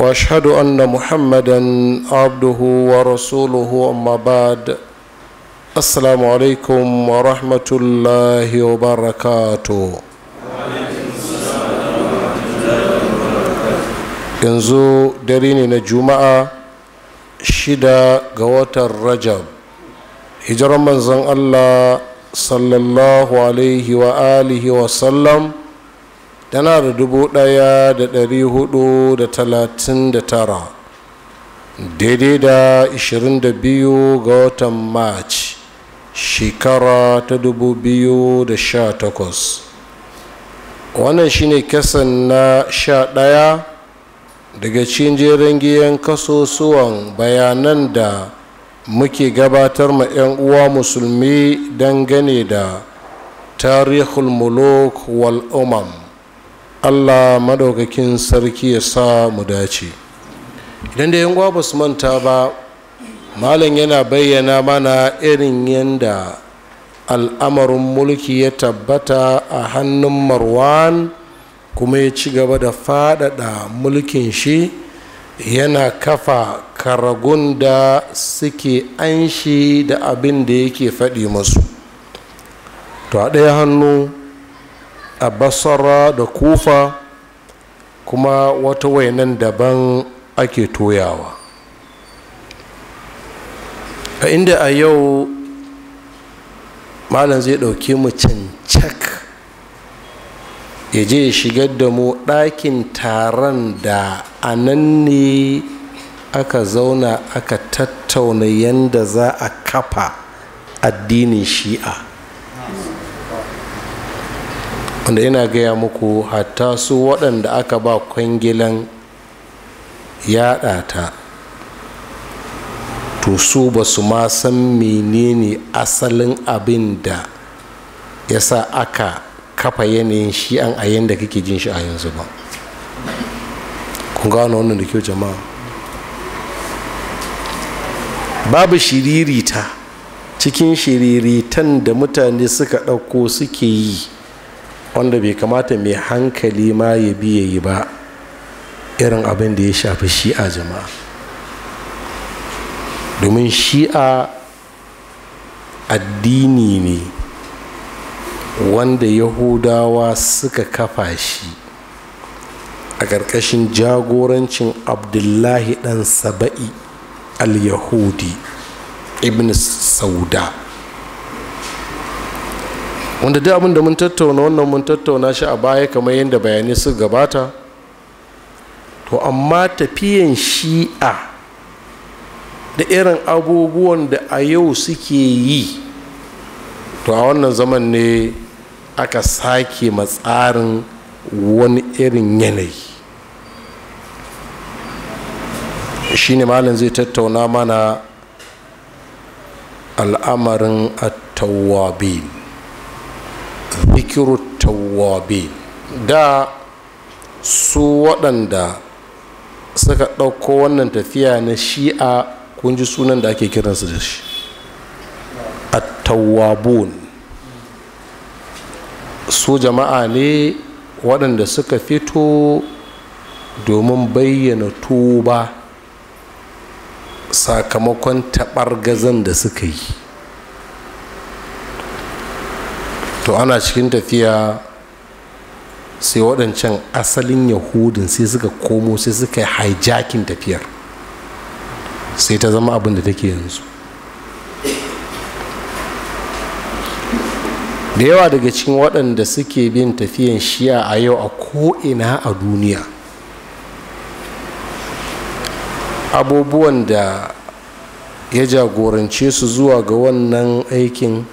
واشهد ان محمدا عبده ورسوله اما بعد السلام عليكم ورحمه الله وبركاته yanzu dare ne na juma'a shida ga watan rajab hijiran manzon allah sallallahu alaihi wa alihi wa sallam tana da dubu ɗaya da ɗari hudu da talatin da tara daidai da ishirin da biyu ga watan march shekara ta dubu biyu da sha takwas wannan shine kasan na sha ɗaya daga cikin jerin giyan kasusuwan bayanan da muke gabatar ma 'yan uwa musulmi dangane da tarihul muluk wal umam allah maɗaukakin sarki ya sa mu dace idan da yan ba su manta ba malam yana bayyana mana irin yadda al'amarin mulki ya tabbata a hannun marwan kuma ya ci gaba da faɗaɗa mulkin shi yana kafa karagun da suke anshi da abin da yake faɗi masu to a ɗaya hannu a basara da kufa kuma wata wainan daban ake toyawa a inda a yau malam zai ɗauke mu cancak ya je ya shigar da mu ɗakin taron da a nan ne aka zauna aka tattauna yadda za a kafa addinin shi'a wanda yana gaya muku hatta su waɗanda aka ba kwangilan yaɗa ta to su ba su ma san menene asalin abin da ya sa aka kafa yanayin shi an ayin da kake jin shi a yanzu ba kun gano wannan da kyau jama'a babu shiririta cikin shiriritan da mutane suka ɗauko suke yi wanda bai kamata mai hankali ma ya biya yi ba irin abin da ya shafi shi'a jama'a domin shi'a addini ne wanda yahudawa suka kafa shi a ƙarƙashin jagorancin abdullahi ɗan saba'i al-yahudi ibn sauda wanda duk abin da mun tattauna wannan mun tattauna shi a baya kamar yadda bayanai su gabata to amma tafiyan shi'a da irin abubuwan da a yau suke yi to a wannan zaman ne aka sake matsarin wani irin yanayi shi ne malin zai tattauna mana al'amarin at zikiru tawwabi da su waɗanda suka ɗauko wannan tafiya na shi'a kun ji sunan da ake kiransu da shi a attawabun su jama'a ne waɗanda suka fito domin bayyana tuba sakamakon taɓar gazan da suka yi to ana cikin tafiya sai waɗancan asalin yahudin sai suka komo sai suka yi hijacking tafiyar sai ta zama abin da take yanzu da yawa daga cikin waɗanda suke bin tafiyan shiya a yau a ko'ina a duniya abubuwan da ya jagorance su zuwa ga wannan aikin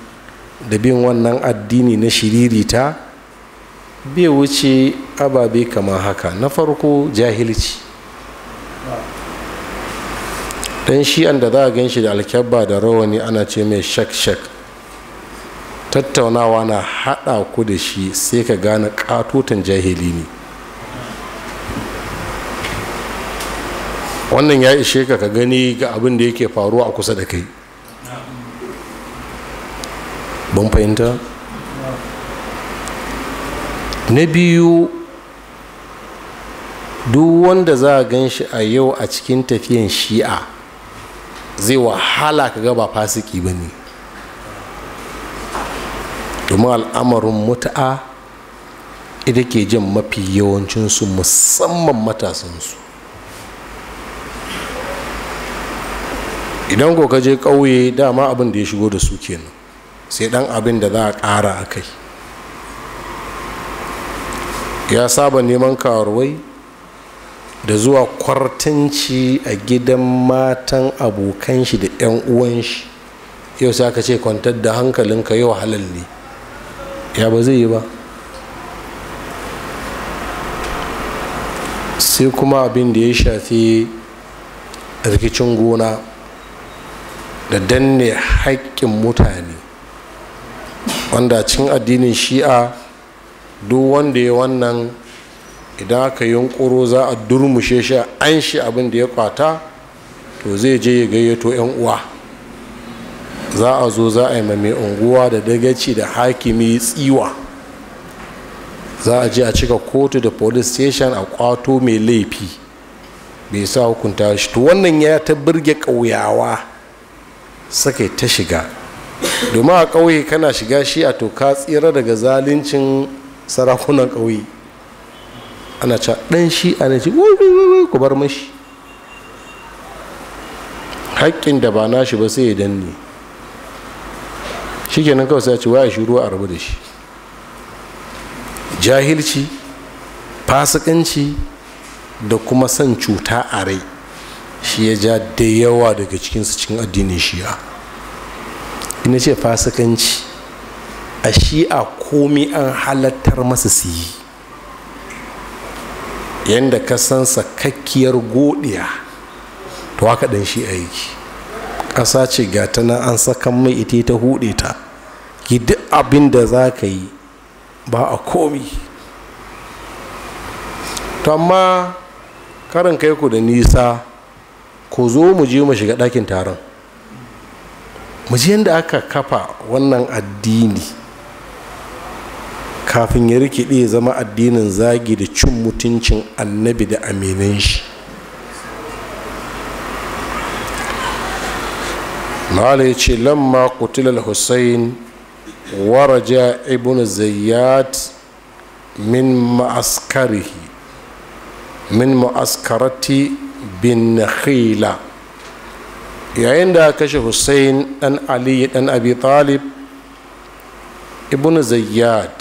da bin wannan addini na shiririta bai wuce ababe kama haka na farko jahilci dan shi'an da za a gan shi da alkyabba da rawani ana ce mai shak-shak tattaunawa na haɗa ku da shi sai ka gane ƙatotan jahili ne wannan ya ishe ka ka gani ga abin da yake faruwa a kusa da kai bon fahimta na biyu duk wanda za a gan shi a yau a cikin tafiyan shi'a zai wahala ka gaba fasiki ba ne domin al'amarin mutu'a ita ke jin mafi yawancinsu musamman matasansu idan ko ka je ƙauye dama abin da ya shigo da su kenan sai dan abin da za a ƙara a kai ya saba neman karuwai da zuwa kwartanci a gidan matan abokan shi da 'yan uwan shi yau sai aka ce kwantar da hankalinka yau halal ne ya ba zai yi ba sai kuma abin da ya shafi rikicin gona da danne haƙƙin mutane wanda cin addinin shi'a duk wanda ya wannan idan aka yunkuro za a durmushe shi an shi abin da ya kwata to zai je ya gayyato 'yan uwa za a zo za a yi mai unguwa da dagaci da hakimi tsiwa za a je a cika kotu da police station a kwato mai laifi bai sa hukunta shi to wannan ya ta birge ƙauyawa suka ta shiga domin a ƙauye kana shiga shi a to tsira daga zalincin sarakunan ƙauye ana ca ɗan shi ana ce ku bar mashi haƙƙin da ba nashi ba sai ya danne shi kenan kawai sai ce waya shi ruwa a rabu da shi jahilci fasikanci da kuma son cuta a rai shi ya ja da yawa daga cikinsu cikin addinin shi'a ina ce fasikanci a shi'a komi an halattar masa siyi yi yadda ka san sakakkiyar godiya to haka ɗan shi aiki ƙasa ce ga ta nan an saka mai ita ta hude ta ki abin da za ka yi ba a komi to amma karin kai ku da nisa ko zo mu je mu shiga ɗakin taron muji ji yadda aka kafa wannan addini kafin ya rikide ya zama addinin zagi da cin mutuncin annabi da aminin shi mala ya ce lamma kutilal hussein waraja ibn zayyad min ma'askarihi min ma'askarati bin khila yayin da kashe hussein dan ali dan abi talib ibn zayyad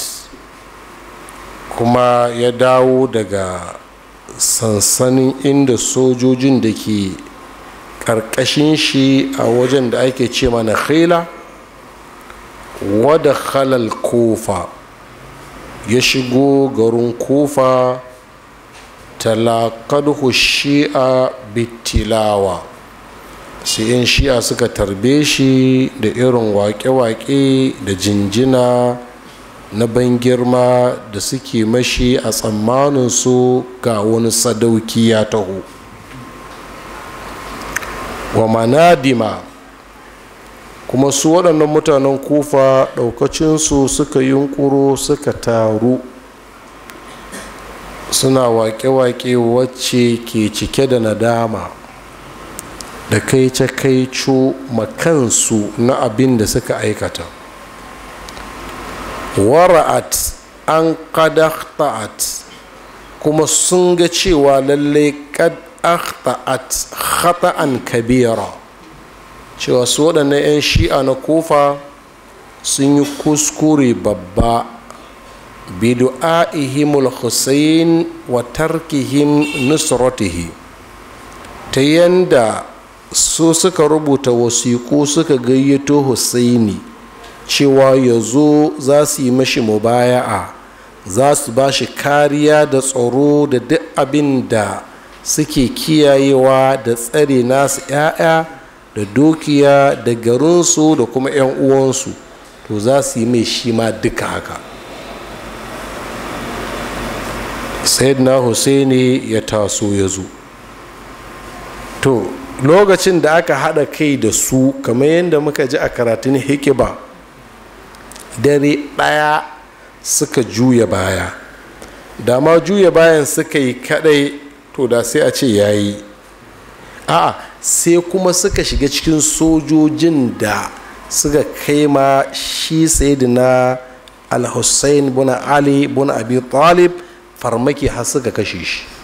kuma ya dawo daga sansanin inda sojojin da ke ƙarƙashin shi a wajen da ake ce mana khila wada halal kofa ya shigo garin kofa talakadhu shi'a bitilawa sai 'yan shi'a suka tarbe shi da irin waƙe-waƙe da jinjina na ban girma da suke mashi a tsammanin su ga wani sadauki ya taho wa manadima kuma su waɗannan mutanen kufa ɗaukacinsu suka yunkuro suka taru suna waƙe-waƙe wacce ke cike da nadama takaice ma makansu na abin da suka aikata wara'at an kadakta'at kuma sun ga cewa lallai kadakta'at akhta'at khata'an kabira cewa su waɗannan 'yan shi'a na kofa sun yi kuskure babba bidu'a'ihim al-husayn wa tarkihim nusratihi ta yanda su suka rubuta wasiƙu suka gayyato husaini cewa ya zo za su yi mashi mubaya'a za su ba shi kariya da tsaro da duk abin da suke kiyayewa da tsare nasu 'ya'ya da dukiya da garinsu da kuma 'yan uwansu to za su yi mai shi ma duka haka sayyidina husaini ya taso ya zo to lokacin da aka haɗa kai da su kamar yadda muka ji a karatun hikiba dare ɗaya suka juya baya da ma juya bayan suka yi kaɗai to da sai a ce ya yi a sai kuma suka shiga cikin sojojin da suka kai ma shi sayidina al-hussein buna ali buna abi talib farmaki har suka kashe shi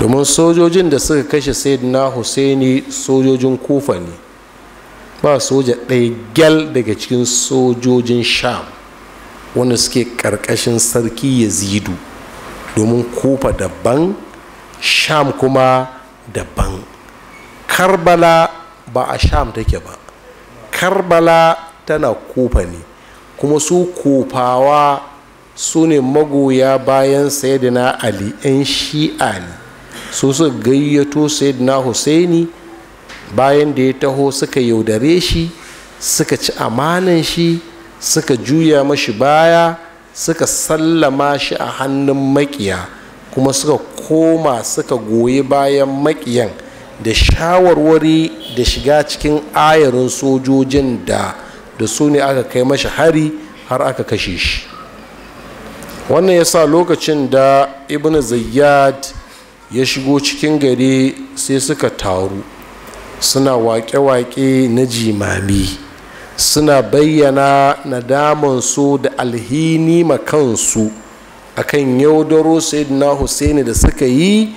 domin sojojin da suka kashe sayyidina husaini sojojin kufa ne ba soja ɗaya gyal daga cikin sojojin sham wanda suke ƙarƙashin sarki yazidu domin kufa daban sham kuma daban karbala ba a sham take ba karbala tana kufa ne kuma su kufawa su ne magoya bayan sayyidina ali 'yan shi'a ne su su gayyato sayyidina husaini bayan da ya taho suka yaudare shi suka ci amanan shi suka juya mashi baya suka sallama shi a hannun makiya kuma suka koma suka goyi bayan makiyan da shawarwari da shiga cikin ayarin sojojin da da su ne aka kai mashi hari har aka kashe shi wannan ya sa lokacin da ibn zayyad ya shigo cikin gari sai suka taru suna waƙe-waƙe na jimami suna bayyana nadamansu da alhini ma kansu akan yaudaro na husaini da suka yi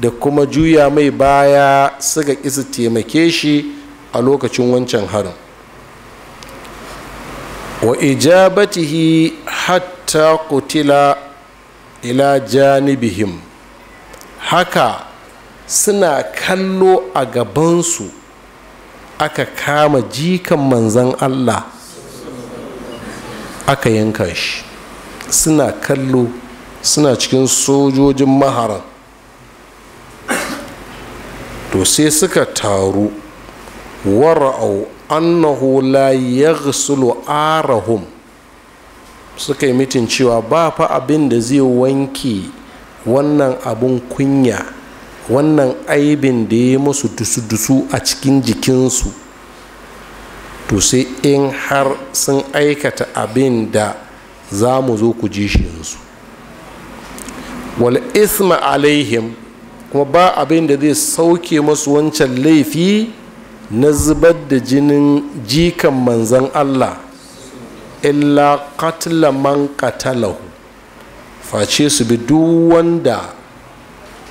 da kuma juya mai baya suka kisa taimake shi a lokacin wancan harin wa ijabatihi hatta kutila ila janibihim haka suna kallo a gabansu aka kama jikan manzan allah aka yanka shi suna kallo suna cikin sojojin maharan to sai suka taru wara'au annahu la yaghsulu arahum suka yi mitin cewa ba fa abin da zai wanke wannan abun kunya wannan aibin da ya musu dusu-dusu a cikin jikinsu to sai in har sun aikata abin da za mu zo ku ji shi yansu wal isma alaihim kuma ba abin da zai sauke masu wancan laifi na zubar da jinin jikan manzan allah illa katla man katalahu face su bi duk wanda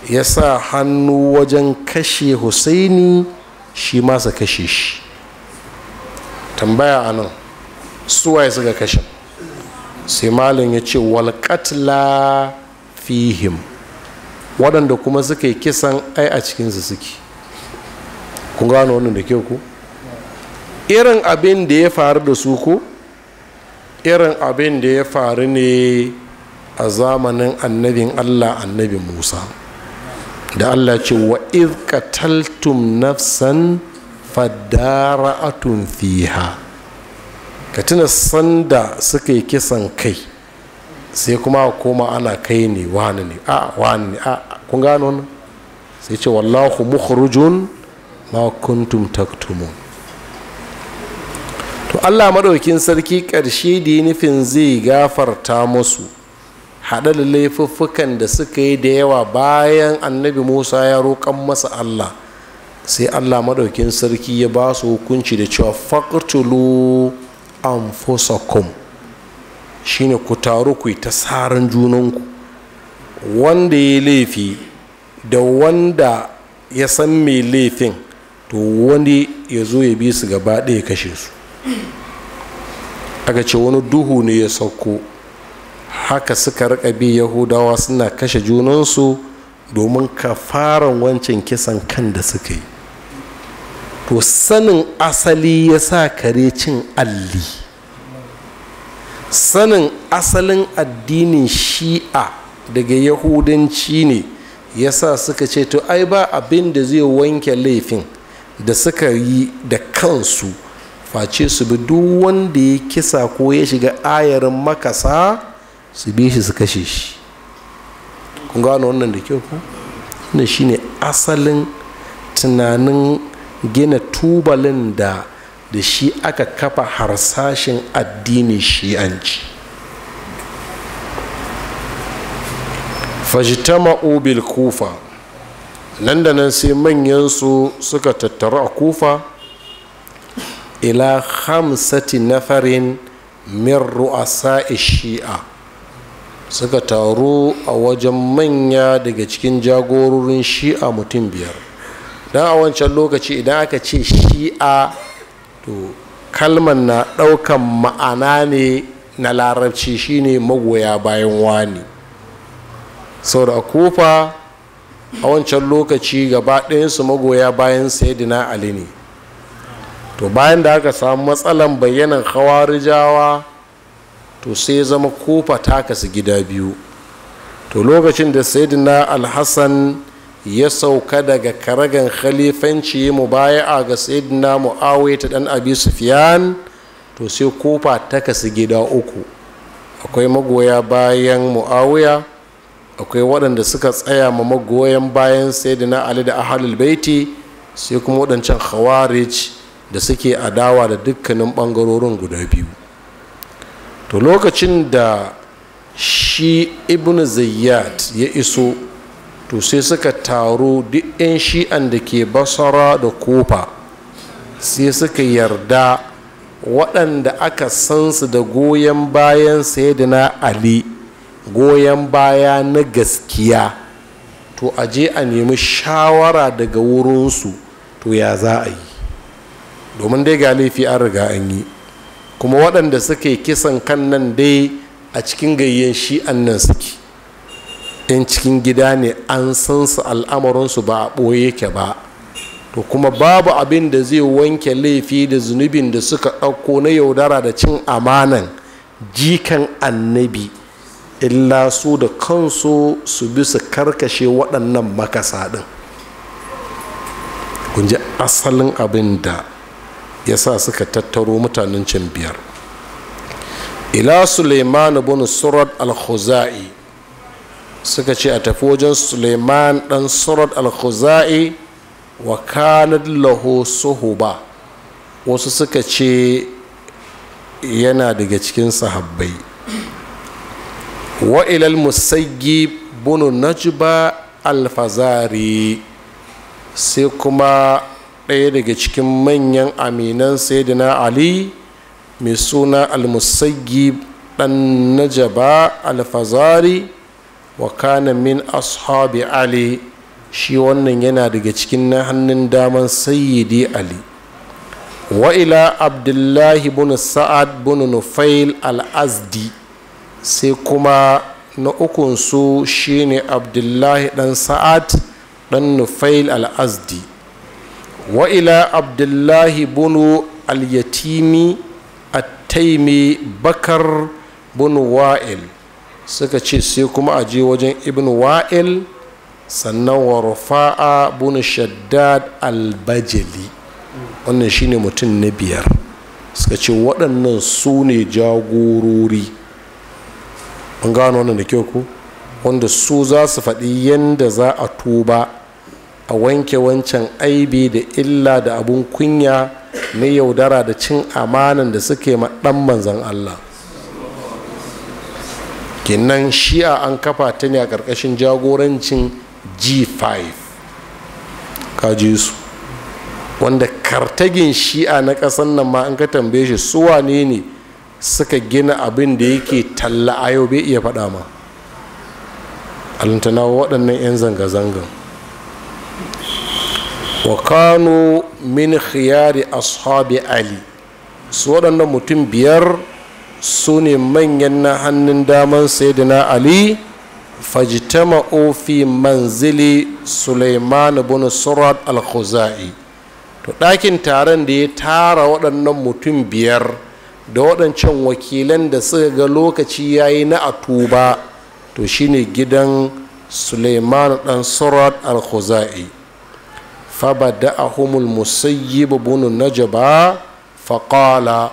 ya sa hannu wajen kashe husaini shi masa kashe shi tambaya a nan suwaye suka kashe sai malin ya ce walƙatla fihim waɗanda kuma suka yi kisan ai a cikinsu suke kun gano wannan da kyau ku irin abin da ya faru da su ko irin abin da ya faru ne a zamanin annabin allah annabin musa da allah ce wa iz qataltum nafsan fadara'atun fiha ka tuna sanda suka yi kisan kai sai kuma koma ana kai ne wani ne a wani ne a kun gano na sai ce wallahu mukhrujun ma kuntum taktumun to Allah madaukin sarki ƙarshe da nufin zai gafarta musu haɗa da laifuffukan da suka yi da yawa bayan annabi musa ya roƙon masa allah sai allah maɗaukin sarki ya ba su hukunci da cewa faƙtulu anfusakum shine ku taru ku yi ta tsarin junanku wanda ya laifi da wanda ya san mai laifin to wani ya zo ya bi su gaba ɗaya kashe su aka ce wani duhu ne ya sauko haka suka rika bi yahudawa suna kashe junansu domin ka fara wancan kisan kan da suka yi to sanin asali ya sa kare cin alli sanin asalin addinin shi'a daga yahudanci ne ya sa suka ce to ai ba abin da zai wanke laifin da suka yi da kansu face su bi duk wanda ya kisa ko ya shiga ayarin makasa su bi shi su kashe shi kun gano wannan da kyau ko wannan ne asalin tunanin gina tubalin da da shi aka kafa harsashin addini shi'anci fajtama'u bil kufa nan da nan sai manyansu suka tattaru a kufa ila hamsati nafarin min ru'asa shi'a suka taru a wajen manya daga cikin jagororin shi'a mutum biyar don a wancan lokaci idan aka ce shi'a to kalman na ɗaukan ma'ana ne na larabci shine magoya bayan wani sau da kofa a wancan lokaci gaba ɗayansu magoya bayan saidina ali ne to bayan da aka samu matsalan bayyanan hawarijawa to sai ya zama kofa ta kasu gida biyu to lokacin da sayyidina alhassan ya sauka daga karagan khalifanci mu baya ga sayyidina mu'awai ta dan abi sufyan to sai kofa ta kasu gida uku akwai magoya bayan mu'awiya akwai waɗanda suka tsaya ma magoyan bayan sayyidina ali da ahalul baiti sai kuma waɗancan khawarij da suke adawa da dukkanin ɓangarorin guda biyu to lokacin da shi ibn zayyad ya iso to sai suka taro duk 'yan shi'an da ke basara da kofa sai suka yarda waɗanda aka san su da goyon bayan sayyidina ali goyon baya na gaskiya to a je a nemi shawara daga wurinsu to ya za a yi domin dai ga laifi an riga an yi kuma waɗanda suke kisan kan nan dai a cikin gayyen shi nan suke yan cikin gida ne an san su al'amuransu ba a ɓoye ke ba to kuma babu abin da zai wanke laifi da zunubin da suka ɗauko na yaudara da cin amanan jikan annabi illa su da kansu su bi su karkashe waɗannan makasa ɗin kun ji asalin abin da ya sa suka tattaro mutanen can biyar ila suleiman bin surat al-khuzai suka ce a tafi wajen suleiman dan surat al-khuzai wa kanad lahu suhuba wasu suka ce yana daga cikin sahabbai wa ilal musayyi bin najba al-fazari sai kuma ɗaya daga cikin manyan aminan saidina ali mai suna al-musayyi ɗan najaba alfazari wa kana min ashabi ali shi wannan yana daga cikin na hannun daman sayyidi ali wa ila abdullahi bin sa'ad bin nufail al-azdi sai kuma na ukunsu shine abdullahi dan sa'ad dan nufail al-azdi wa ila abdullahi bunu al-yatimi taimi bakar bunu wa'il suka ce sai kuma a je wajen ibn wa'il sannan wa rufa'a bunu shaddad al wannan shine mutum na biyar suka ce waɗannan su ne jagorori an gano wannan da kyau ku wanda su za su faɗi yadda za a tuba a wanke wancan aibi da illa da abun kunya na yaudara da cin amanan da suke ma ɗan manzan Allah kinnan shi'a an kafa ta ne a ƙarƙashin jagorancin g5 kaji su wanda kartagin shi'a na ƙasan nan ma an ka tambaye shi suwa ne ne suka gina abin da yake talla a yau bai iya faɗa ma alintana waɗannan 'yan zanga-zangan wa kanu min khiyari ashabi ali su waɗannan mutum biyar su ne manyan na hannun daman sayyidina ali fajitama fi manzili suleiman bin surat al-khuzai to ɗakin taron da ya tara waɗannan mutum biyar da waɗancan wakilan da suka ga lokaci yayi na atuba to shine gidan suleiman ɗan surat al-khuzai fabada'ahumul musayyib ibn najaba faqala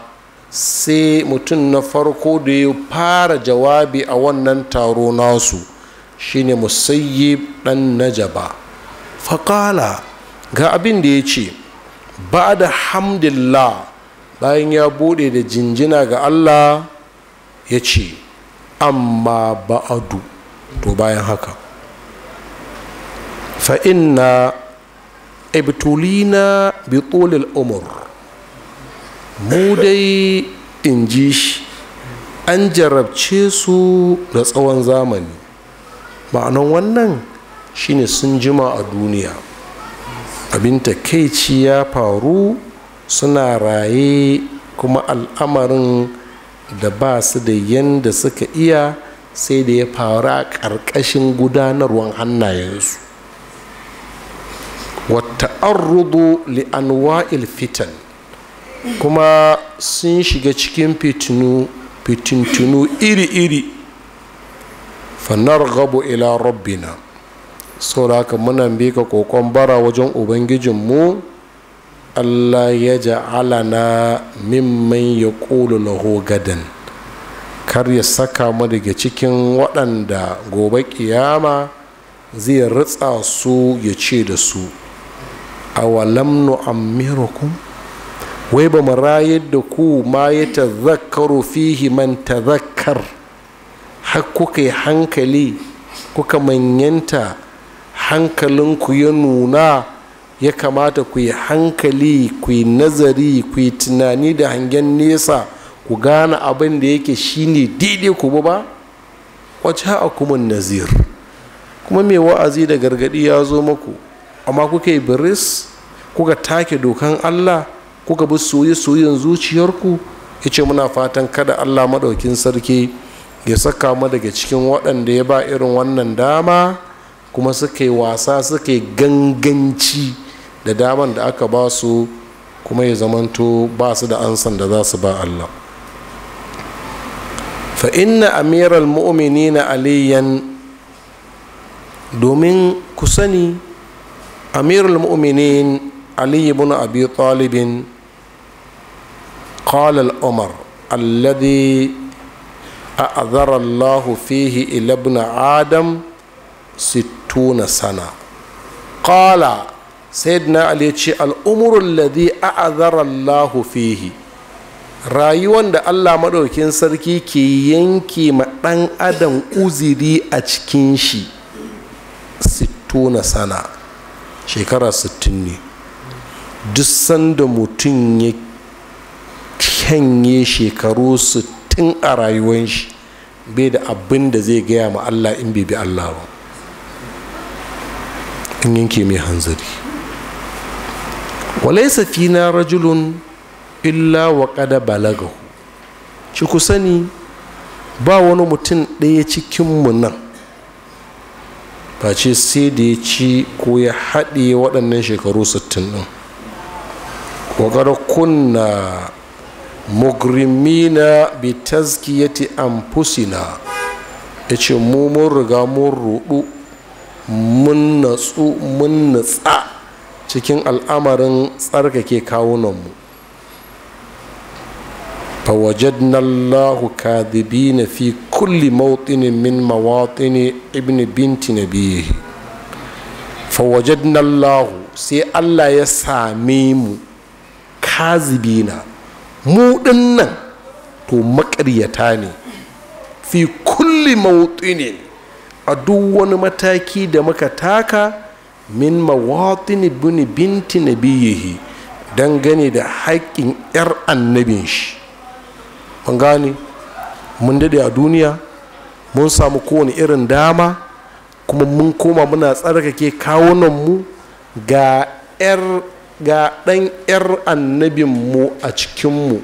sai mutum na farko da ya fara jawabi a wannan taro nasu shine musayyib dan najaba faqala ga abin da ya ce ba da hamdillah bayan ya bude da jinjina ga allah ya ce amma ba'adu to bayan haka fa'inna ibtulina bi tulil umur mu dai in ji shi an jarabce su da tsawon zamani ma'anan wannan shine sun jima a duniya abin takeici ya faru suna raye kuma al'amarin da ba su da yanda suka iya sai da ya faru a ƙarƙashin gudanarwan hannayensu wata'arrudu li anwa'il fitan kuma sun shiga cikin fitinu fitintunu iri-iri fannar gabo ila rabbina sau da haka muna ka kokon bara wajen ubangijinmu allah ya ja'ala na mimman ya ƙulu lahu gadan kar ya saka mu daga cikin waɗanda gobe ƙiyama zai ritsa su ya ce da su awalam nu'ammirukum wai ba mu rayar da ku ma ya tazakkaru fihi man tazakkar har kuka yi hankali kuka manyanta hankalinku ya nuna ya kamata ku yi hankali ku yi nazari ku yi tunani da hangen nesa ku gane abin da yake shine daidai ku ba wacce a kuma nazir kuma mai wa'azi da gargadi ya zo muku amma kuka yi biris kuka take dokan allah kuka bi soye-soyen zuciyarku ya ce muna fatan kada allah maɗaukin sarki ya saka mu daga cikin waɗanda ya ba irin wannan dama kuma suka yi wasa suka yi ganganci da daman da aka ba su kuma ya zamanto ba su da ansan da za su ba allah fa inna amiral mu'minina aliyan domin ku sani amirul mu'minin ali ibn abi qala al-umar alladhi a'adhara allahu fihi ila ibn adam sittuna sana qala sayyidina ali ya ce al'umurul ladhi a'adhara allahu fihi rayuwan da allah maɗaukin sarki ke yanke ma ɗan adam uziri a cikin shi sittuna sana shekara 60 ne duk sanda mutum ya kyanye shekaru 60 a rayuwar shi bai da abin da zai gaya ma Allah in bai bi Allah ba in yanke mai hanzari walaisa fina rajulun illa wa kada balagahu shi ku sani ba wani mutum ɗaya cikinmu nan face sai da ya ci ko ya haɗe waɗannan shekaru 60 ɗin ƙoƙar kunna mugrimina bi tazkiyati anfusina ya ce mu mun riga mun ruɗu mun natsu mun natsa cikin al'amarin tsarkake kawunanmu فوجدنا الله كاذبين في كل موطن من مواطن ابن بنت نبيه فوجدنا الله سي الله يساميم كاذبين mu dinnan to makaryata ne fi kulli ne a duk wani mataki da muka taka min mawatin bin binti nabiyihi dangane da haƙƙin 'yar annabin shi mun gane mun dade a duniya mun samu kowane irin dama kuma mun koma muna tsarkake kawunan mu ga 'yar ga ɗan 'yar annabinmu a cikinmu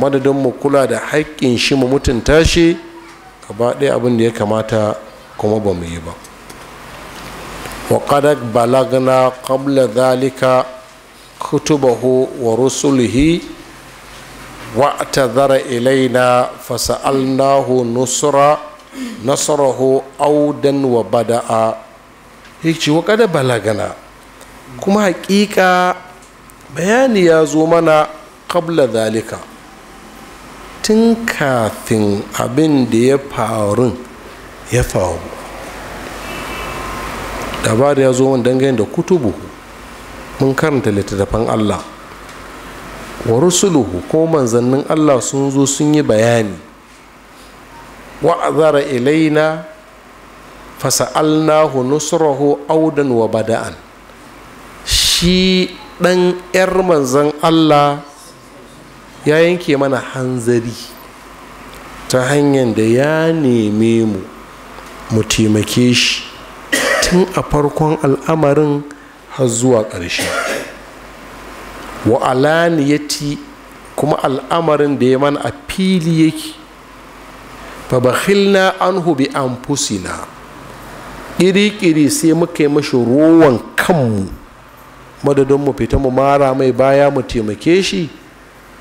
madadin mu kula da haƙƙin shi mu mutunta shi gaba ɗaya abin da ya kamata kuma ba mu yi ba waƙadar balagna qabla zalika kutubahu wa rusulihi واعتذر إلينا فسألناه نصرا نصره أودا وبدأ هيك وقد بلغنا كما حقيقة بيان zo mana قبل ذلك tun kafin abin da ya faru ya faru labari ya zo min dangane da kutubu mun karanta littattafan allah wa rusuluhu ko manzannin allah sun zo sun yi bayani wa'azara ilaina fasa'alnahu nusrahu audan wa bada'an shi ɗan 'yar manzan allah ya yanke mana hanzari ta hanyar da ya neme mu mu taimake shi tun a farkon al'amarin har zuwa ƙarshe wa alaniyati kuma al'amarin da ya mana a fili yake fa bakhilna an bi anfusina fusina kiri sai muka yi mashi rowan kanmu madadin mu fita mu mara mai baya mu taimake shi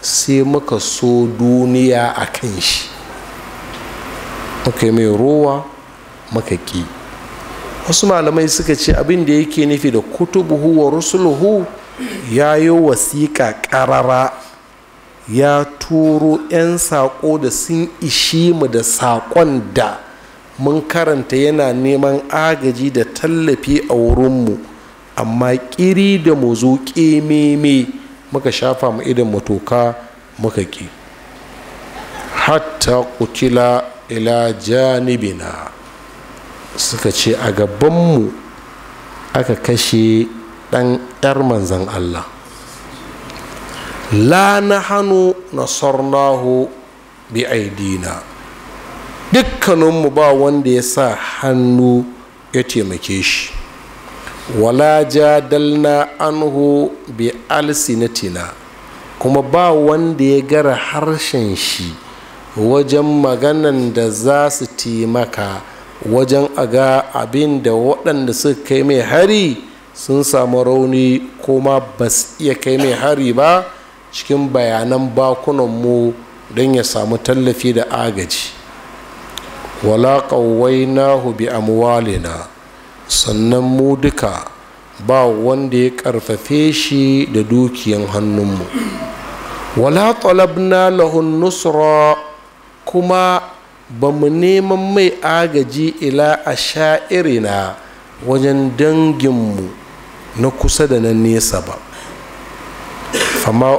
sai muka so duniya a kan shi muka yi mai rowa muka ki wasu malamai suka ce abin da yake nufi da kutubuhu wa rusuluhu ya yi wasiƙa ƙarara ya turo 'yan saƙo da sun ishi mu da saƙon da mun karanta yana neman agaji da tallafi a wurinmu amma ƙiri da mu zo ƙememe muka shafa mu idan matoka muka ƙi hatta kutila ila janibina suka ce a gabanmu aka kashe Dan 'yar manzan allah la na hannu nasarnahu bi aidina dukkaninmu ba wanda ya sa hannu ya taimake shi wala jadalna anhu bi alsinatina kuma ba wanda ya gara harshen shi wajen maganan da za su taimaka wajen aga abin da waɗanda suka kai mai hari sun samu rauni ma ba su iya kai mai hari ba cikin bayanan bakunan mu don ya samu tallafi da agaji wala hubi bi amwalina sannan mu duka ba wanda ya ƙarfafe shi da dukiyan hannunmu wala na lahun nusra kuma ba mu neman mai agaji ila a sha'irina wajen danginmu na kusa da nan nesa ba fama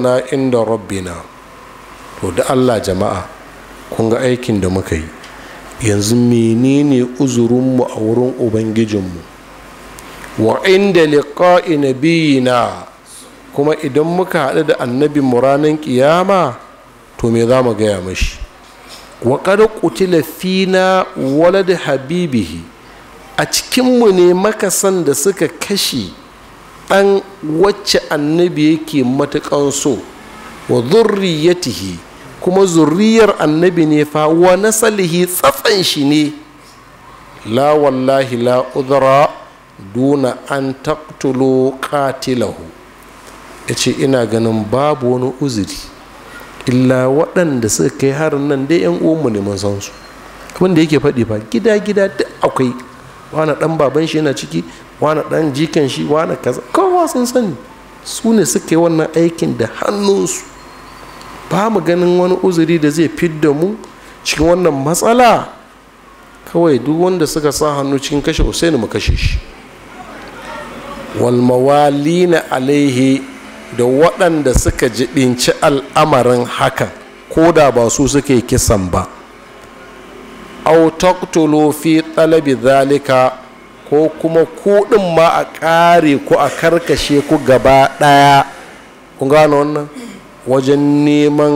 na inda rabbina to da allah jama'a kun ga aikin da muka yi yanzu menene uzurinmu a wurin ubangijinmu wa inda liqa'i nabiyina kuma idan muka haɗu da annabi ranar ƙiyama, to me za mu gaya mashi wa qad qutila fina walad habibihi a cikinmu ne makasan da suka kashe ɗan wacce annabi yake matuƙan so wa zurriyatihi kuma zurriyar annabi ne fa wa nasalihi tsafan shi ne la wallahi la udhra duna an taqtulu qatilahu yace ina ganin babu wani uzuri illa waɗanda suka kai harin nan dai yan uwanmu ne mun san su abin yake faɗi fa gida gida duk akwai wane ɗan baban shi yana ciki wane dan jikan shi wane kaza kowa sun sani su ne suka yi wannan aikin da hannunsu ba mu ganin wani uzuri da zai da mu cikin wannan matsala kawai duk wanda suka sa hannu cikin kashe usaini mu kashe shi walmawali na alaihe da waɗanda suka jibinci al'amarin hakan ko da ba su suke kisan ba au taqtulu fi talabi zalika ko kuma kuɗin ma a kare ku a karkashe ku gaba daya kun gano wannan wajen neman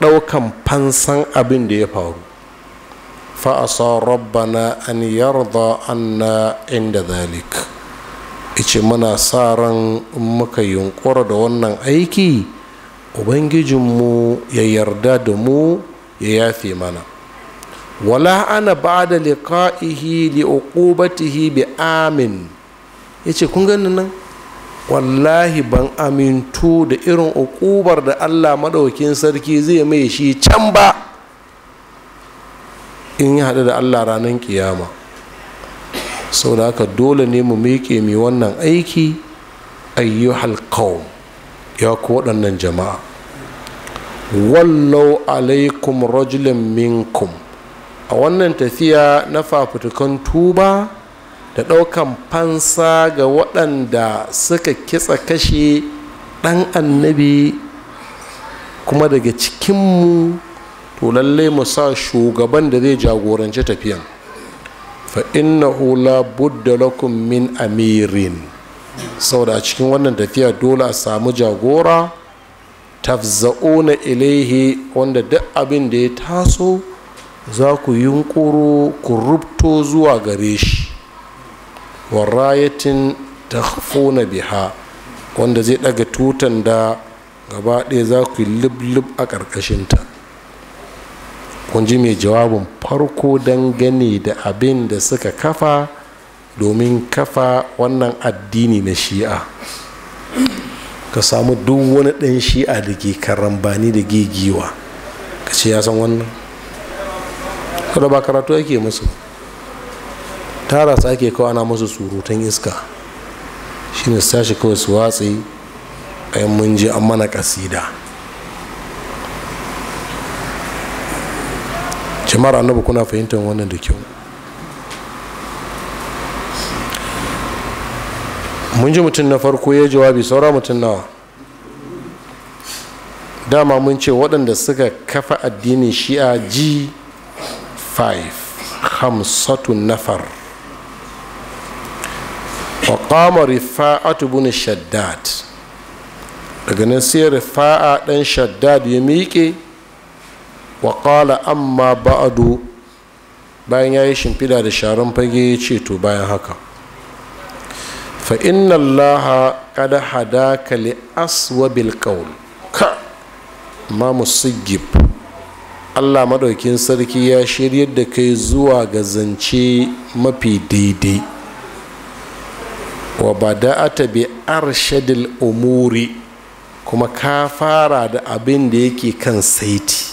daukan fansan abin da ya faru fa asa rabbana an yarda anna inda zalik ice muna sa ran muka yunkura da wannan aiki ubangijinmu ya yarda da mu ya yafe mana wala ana ba da liqa'ihi li uqubatihi bi amin yace kun gani nan wallahi ban amintu da irin uqubar da Allah maɗaukin sarki zai mai shi can ba in ya haɗu da Allah ranar kiyama sau da haka dole ne mu miƙe mai wannan aiki ayyuhal qawm ya ku waɗannan jama'a wallau alaikum rajulin minkum a wannan tafiya na fafutukan tuba da ɗaukan fansa ga waɗanda suka kitsa kashe ɗan annabi kuma daga cikinmu to lallai mu sa shugaban da zai jagoranci tafiyan fa inna la budda lakum min amirin saboda a cikin wannan tafiya dole a samu jagora tafza'una ilaihi wanda duk abin da ya taso za ku yunkuro ku rubto zuwa gare shi warayatin ta biha wanda zai daga tutan da gaba ɗaya za ku yi lub a ƙarƙashinta kun ji mai jawabin farko dangane da abin da suka kafa domin kafa wannan addini na shi'a ka samu duk wani ɗan shi'a da ke karambani da gigiwa ka ce ya san wannan kada ba karatu ake musu tara sa ake kawo ana musu surutan iska shi ne tashi kawai su watsi a mun je an mana kasida jama'ar annabi kuna fahimtar wannan da kyau mun ji mutum na farko ya jawabi saura mutum nawa dama mun ce waɗanda suka kafa addinin shi'a ji 5 hamsatu nafar wa qama rifa'atu bin shaddad daga nan sai rifa'a dan shaddad ya miƙe wa qala amma ba'adu bayan ya yi shimfida da sharan fage ya ce to bayan haka fa inna allaha kada hadaka li aswabil qawl ka ma musayyib allah maɗaukin sarki ya shiryar da kai zuwa ga zance mafi daidai wa bada'ata bi arshadil umuri kuma ka fara da abin da yake kan saiti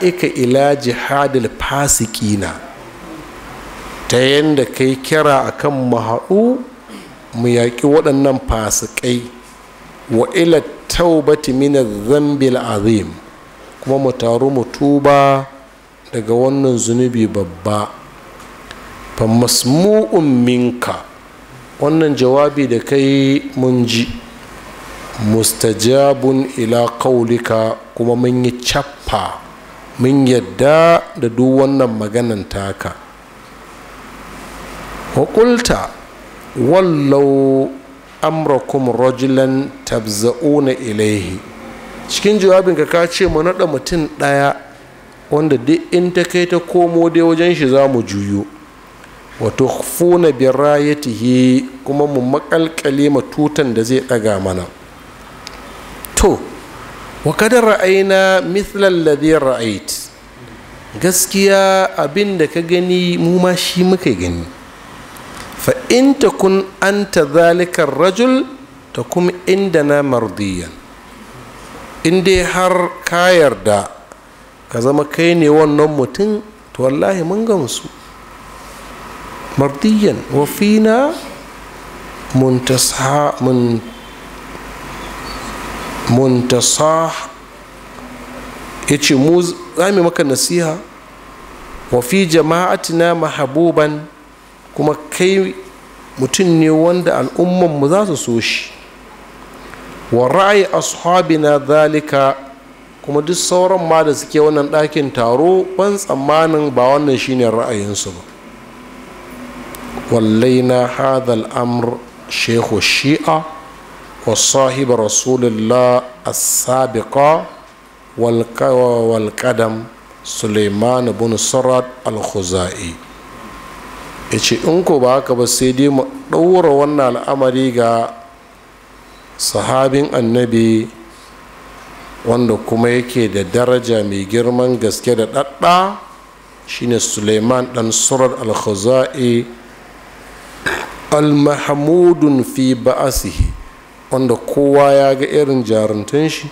ika ila jihadil fasikina ta yadda kai kira akan mahaɗu mu yaƙi waɗannan fasikai wa ila taubati min zambil azim kuma mu taru mu tuba daga wannan zunubi babba fa masmu'un minka wannan jawabi da kai mun ji mustajabun ila kaulika kuma mun yi cappa mun yadda da duk wannan maganan taka hukulta wallau amrakum rajulan tabza'una ilaihi cikin jawabinka ka ce mu naɗa mutum ɗaya wanda duk in ta kai ta komo dai wajen shi za mu juyo wato funa birayatihi kuma mu makalkale matutan da zai ɗaga mana to wa kadar ra'ayina mithlan ladhi ra'ait gaskiya abin da ka gani mu ma shi muka gani fa in takun anta zalikar rajul ta kuma inda na mardiyan in dai har ka yarda ka zama kai ne wannan mutum to wallahi mun gamsu mardiyan wa mun ya ce mu za maka nasiha wa fi jama'atina mahabuban kuma kai mutum ne wanda al'ummanmu za su so shi wa ra'ayi ashabina zalika kuma duk sauran ma da suke wannan ɗakin taro ban tsammanin ba wannan shine ra'ayinsu ba Wallai na hadha amr shehu shi'a wa sahib rasulullah as-sabiqa wal qadam suleiman bin surat al-khuzai yace in ko ba haka ba sai dai mu ɗaura wannan al'amari ga sahabin annabi wanda kuma yake da daraja mai girman gaske da ɗaɗɗa shine suleiman ɗan surar al-khaza'i al fi ba'asihi wanda kowa ya ga irin jaruntan shi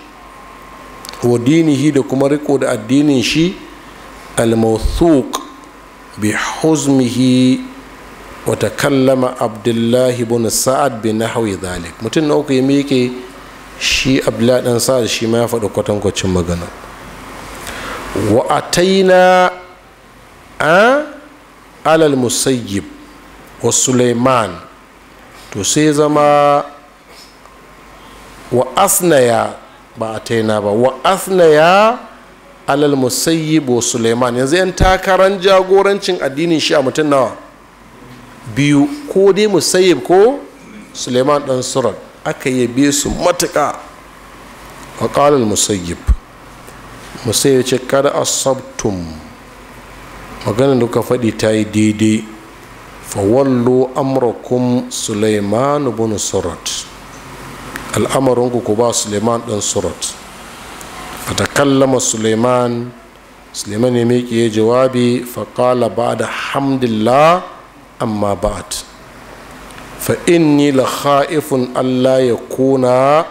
wa da kuma riko da addinin shi al-mawthuq bi huzmihi wata kallama abdullahi bin sa'ad bin nahwi zalik mutum na uku ya miƙe shi abdullahi dan sa'ad shi ma ya faɗi kwatankwacin magana wa ataina a alal musayyib wa suleiman to sai zama wa asnaya ba taina ba wa asnaya alal musayyib wa suleiman yanzu yan takarar jagorancin addinin shi a mutum nawa biyu ko dai musayyib ko suleiman dan surat aka biyu su matuƙa a ƙalal musayyib musayyib ce kada asabtum maganin da kuka faɗi ta yi daidai fawallo amurkum suleiman bin surat al'amarinku ku ba suleiman dan surat a kallama suleiman suleiman ya miƙe jawabi faƙala ba da hamdillah amma ba'at fa inni la kha'ifun Allah ya kuna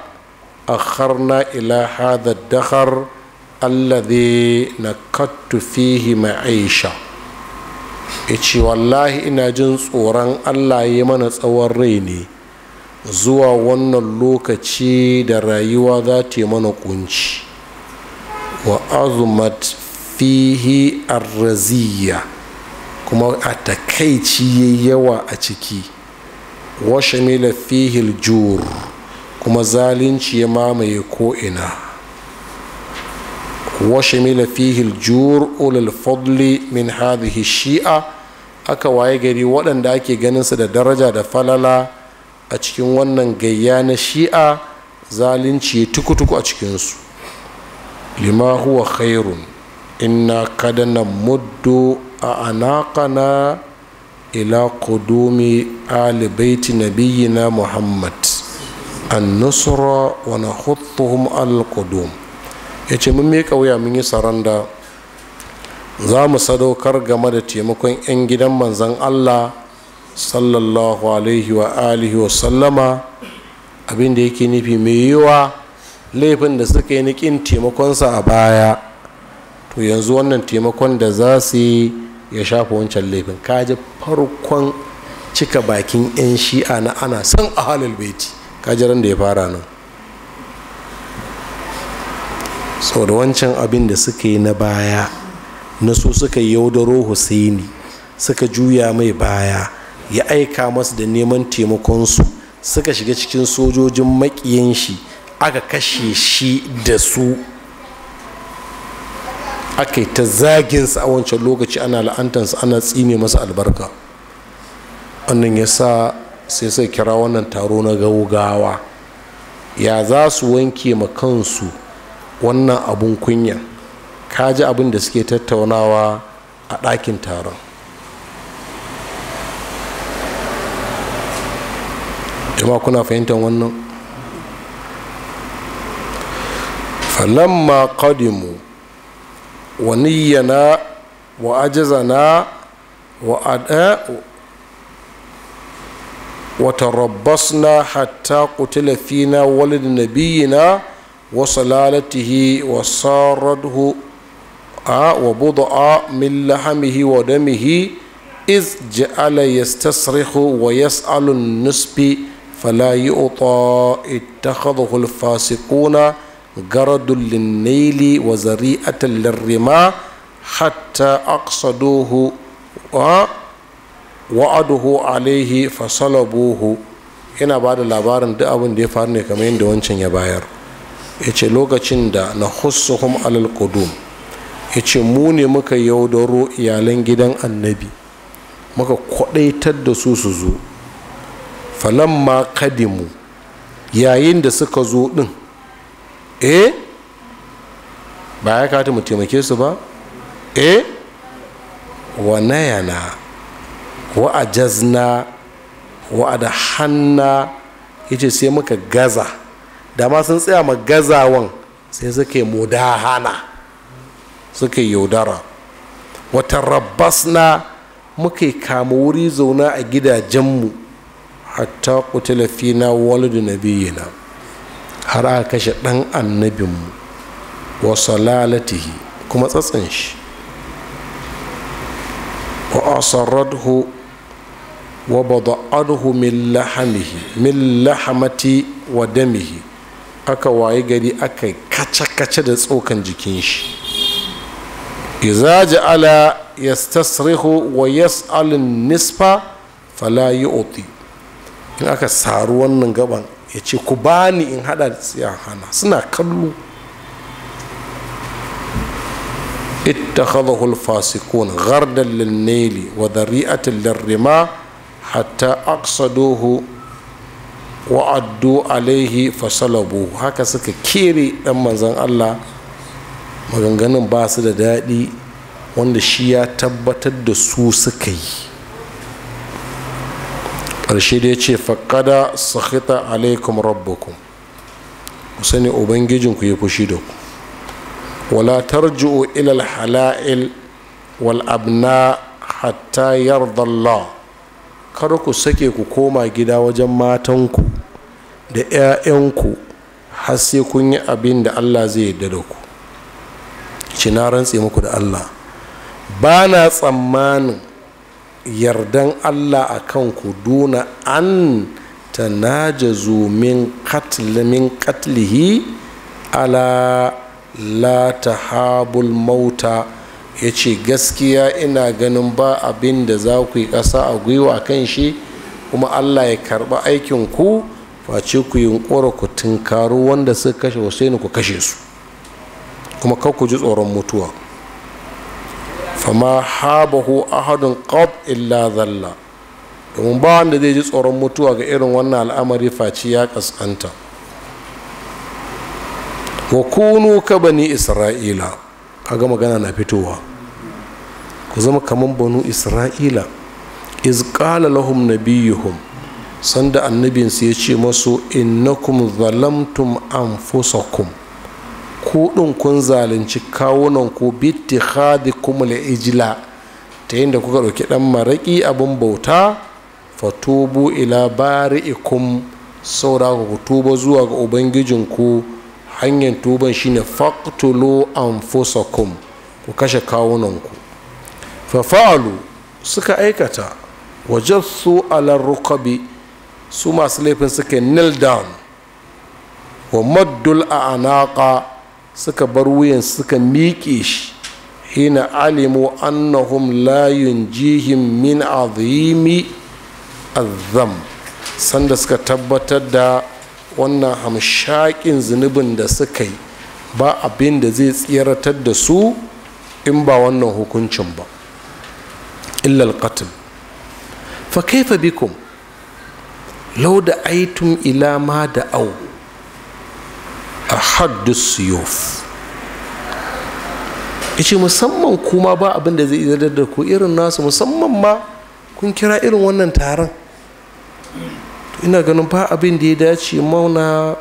akharna ila hadha dakhar alladhi nakattu fihi ma'isha yace wallahi ina jin tsoron Allah ya mana tsawon rai ne zuwa wannan lokaci da rayuwa za ta mana kunci wa azumat fihi arraziya kuma a takaici ya yawa a ciki mila fihil jur kuma zalunci ya mamaye ko'ina mila fihil jur ulul fadli min hadhihi shi'a aka waye gari waɗanda ake ganin su da daraja da falala a cikin wannan gayya na shi'a zalunci ya tukutuku a cikinsu lima huwa khairun inna kadan muddu a anaƙana ila kudumi alibaiti nabiyina muhammad annusra wa na yace ya mun miƙa wuya mun yi saranda za mu sadaukar game da taimakon 'yan gidan manzan allah sallallahu alaihi wa alihi wa sallama abin da yake nufi mai yiwa laifin da suka yi nikin taimakonsa a baya to yanzu wannan taimakon da za su yi ya shafa wancan laifin kaji farkon cika bakin 'yan shi'a na ana san son halal baiti kaji ran da ya fara nan sau da wancan abin da suka yi na baya na su suka yaudaro husaini suka juya mai baya ya aika masu da neman taimakonsu suka shiga cikin sojojin makiyan shi aka kashe shi da su aka yi ta zaginsa a wancan lokaci ana la'antarsa ana tsine masa albarka wannan ya sa sai sai kira wannan taro na gaugawa ya za su wanke ma kansu wannan abun kunya kaji abin da suke tattaunawa a ɗakin taron jama kuna fahimtar wannan falamma qadimu wa niyyana wa ajazana wa ada wa tarabbasna hatta qutila fina walid nabiyina wa salalatihi wa saradhu a wa buda'a min lahamihi wa damihi iz ja'ala yastasrikhu wa yas'alu nusbi fala yu'ta ittakhadhahu al-fasiquna garadun linnaili wa zari'atan lirrima hatta aqsaduhu wa wa'aduhu alaihi fasalabuhu yana ba da labarin duk abin da ya faru ne kamar yadda wancan ya bayar ya ce lokacin da na hussuhum alal qudum ya ce mu ne muka yaudaro iyalan gidan annabi muka kwadaitar da su su zo falamma kadimu yayin da suka zo din eh ba ya kata mu taimake su ba eh wa nayana wa ajazna wa adhanna yace sai muka gaza da ma sun tsaya ma gazawan sai suka yi mudahana suka yi yaudara wata rabbasna muka yi kama wuri zauna a gidajenmu hatta kutila fina walidu nabiyina har aka kashe ɗan annabinmu wa salalatihi kuma tsatsin shi wa asarradhu wa bada'adhu min lahamihi min lahamati wa damihi aka wayi gari aka kace-kace da tsokan jikin shi iza ja'ala yastasrihu wa yas'alun nisfa fala oti in aka saru wannan gaban ya ce ku bani in hada da hana suna kallo Ita al-fasiqun ghardan lin-nayli wa dhari'atan lir-rima hatta aqsaduhu wa addu alaihi fasalabu haka suka kere dan manzon Allah maganganun ba su da daɗi wanda shi ya tabbatar da su suka yi Karshe dai ce faƙada sakhita alaikum rabbukum ku sani ubangijinku ya fushi da ku wala tarji'u ila hala'il wal abna hatta yarda Allah kar ku sake ku koma gida wajen matanku da 'ya'yanku har sai kun yi abin da Allah zai yarda da ku ci na rantse muku da Allah ba na tsammanin yardan allah a kan ku duna an ta najazu min katlihi ala la habul mauta ya ce gaskiya ina ganin ba abin da za ku yi ƙasa a gwiwa kan shi kuma allah ya karɓi aikin ku face ku yunƙura ku tunkaru wanda suka kashe wasu ku kashe su kuma kar ku ji tsoron mutuwa fama habahu ahadun qad illa zalla domin ba wanda zai ji tsoron mutuwa ga irin wannan al'amari faci ya kaskanta wa kunu ka bani isra'ila kaga magana na fitowa ku zama kaman banu isra'ila iz qala lahum nabiyuhum sanda annabinsu ya ce masu innakum zalamtum anfusakum kuɗin kun zalunci kawunan ku bitti hadi kuma ijila ta yadda kuka ɗauki ɗan maraƙi abin bauta fatubu ila bari'ikum saura ku tuba zuwa ga ubangijinku hanyar tuban shine faqtulu anfusakum ku kashe kawunanku fafa'alu suka aikata wajassu ala rukabi su masu laifin suke nil down wa maddul a anaka suka bar wuyan suka miƙe shi hina alimu annahum la yunjihim min azimi azam sanda suka tabbatar da wannan hamshakin zunubin da suka yi ba abin da zai tsiratar da su in ba wannan hukuncin ba illal qatl fa kaifa bikum law da aitum ila ma da au haddus suyuf ya ce musamman kuma ba abin da zai zadar da ku irin nasu musamman ma kun kira irin wannan taron ina ganin ba abin da ya dace mauna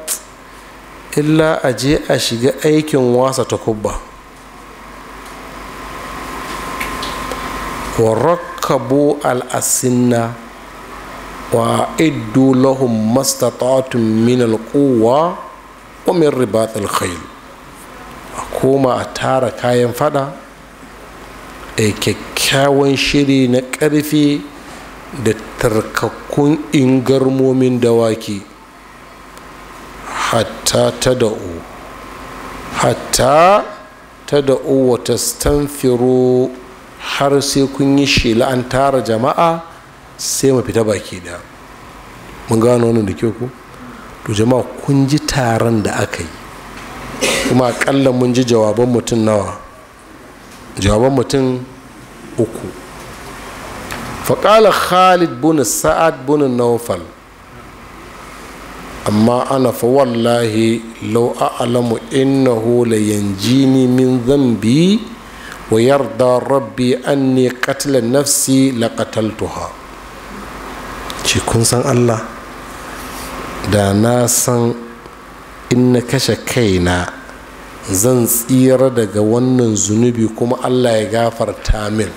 illa a je a shiga aikin wasa ta kubba wa rakabo al'asinna wa iddu lahum mastata'atun min al-quwwa wa min ribat a koma a tara kayan fada a kyakkyawan shiri na ƙarfi da tarkakkun ingarmomin dawaki hatta ta da'u hatta ta da'u wata stanfiro har sai kun yi shela an tara jama'a sai mafita baki da mun gano wannan da ke ku to jama'a kun ji taron da aka yi kuma akalla mun ji jawaban mutum nawa jawaban mutum uku faƙala khalid bin sa'ad bin naufal amma ana fa wallahi a a'lamu hula la yanjini min zan bi wa yarda rabbi ne katilan nafsi la qataltuha ce kun san Allah da na san in na kashe na zan tsira daga wannan zunubi kuma allah ya gafarta min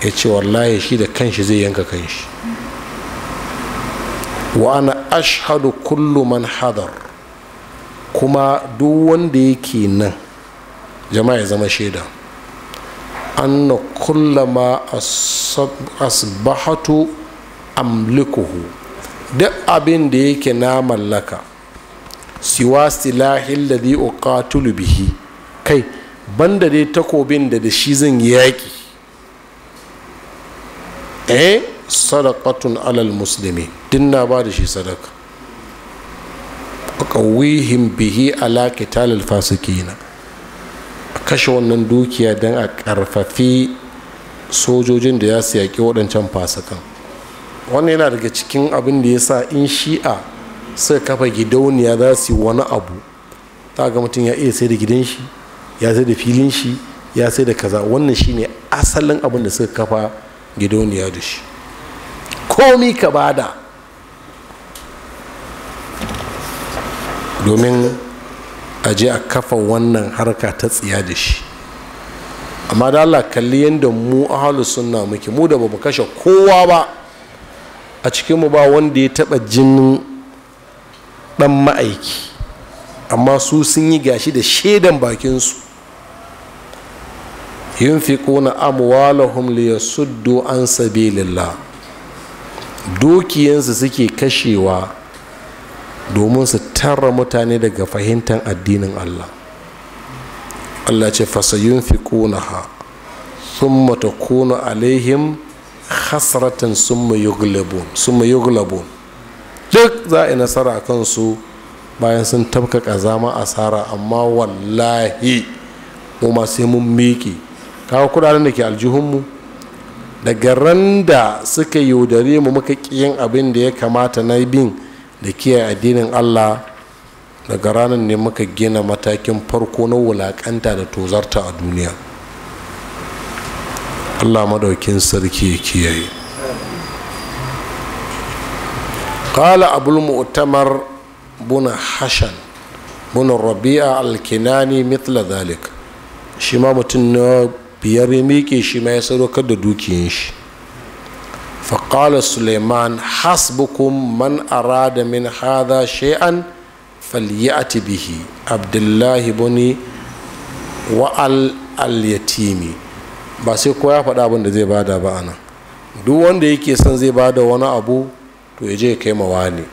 ya ce wallahi shi da kanshi zai yanka kanshi wa ana ashhadu kullu man hadar kuma duk wanda yake nan jama'a ya zama shaida anna kullama asbahatu amlikuhu duk abin da yake na mallaka siwa da zai uqatulu bihi kai banda dai takobin da da shi zan yaƙi eh sadaqatun alal muslimi dinna ba da shi sadaka qawwihim bihi ala qitalil fasikina kashe wannan dukiya don a karfafi sojojin da ya su yaƙi waɗancan fasikan wannan yana daga cikin abin da ya sa in shi'a suka kafa gidauniya za su wani abu ta ga mutum ya iya sai da gidan shi ya sai da filin shi ya sai da kaza wannan shine asalin abin da suka kafa gidauniya da shi komi ka bada domin a je a kafa wannan harka ta tsiya da shi amma da Allah kalli yadda mu ahalus sunna muke mu da bamu kashe kowa ba a cikinmu ba wanda ya taba jinin ɗan ma'aiki amma su sun yi gashi da shaidan bakinsu yin fi amwalahum liyasuddu an sabilillah dukiyansu suke kashewa domin su tarra mutane daga fahimtar addinin allah allah ce fasa yin fi ha sun mata alaihim hasratan sun duk za a yi nasara a kansu bayan sun tabka kazama asara amma wallahi mu sai mun miƙe kawo kudaden da ke aljihunmu daga ran da suka yaudare mu muka ƙiyan abin da ya kamata na bin da kiyaye addinin allah daga ranar ne muka gina matakin farko na wulaƙanta da tozarta a duniya allah madaukin sarki ya kiyaye قال أبو المؤتمر بن حشن بن الربيع الكناني مثل ذلك شما متن بيري ميكي شما يسرو كد دوكينش فقال سليمان حسبكم من أراد من هذا شيئا فليأت به عبد الله بن wa'al al-yatimi ba sai kowa ya faɗa abin da zai bada ba anan duk wanda yake son zai bada wani abu to ya je ya kai mawa ne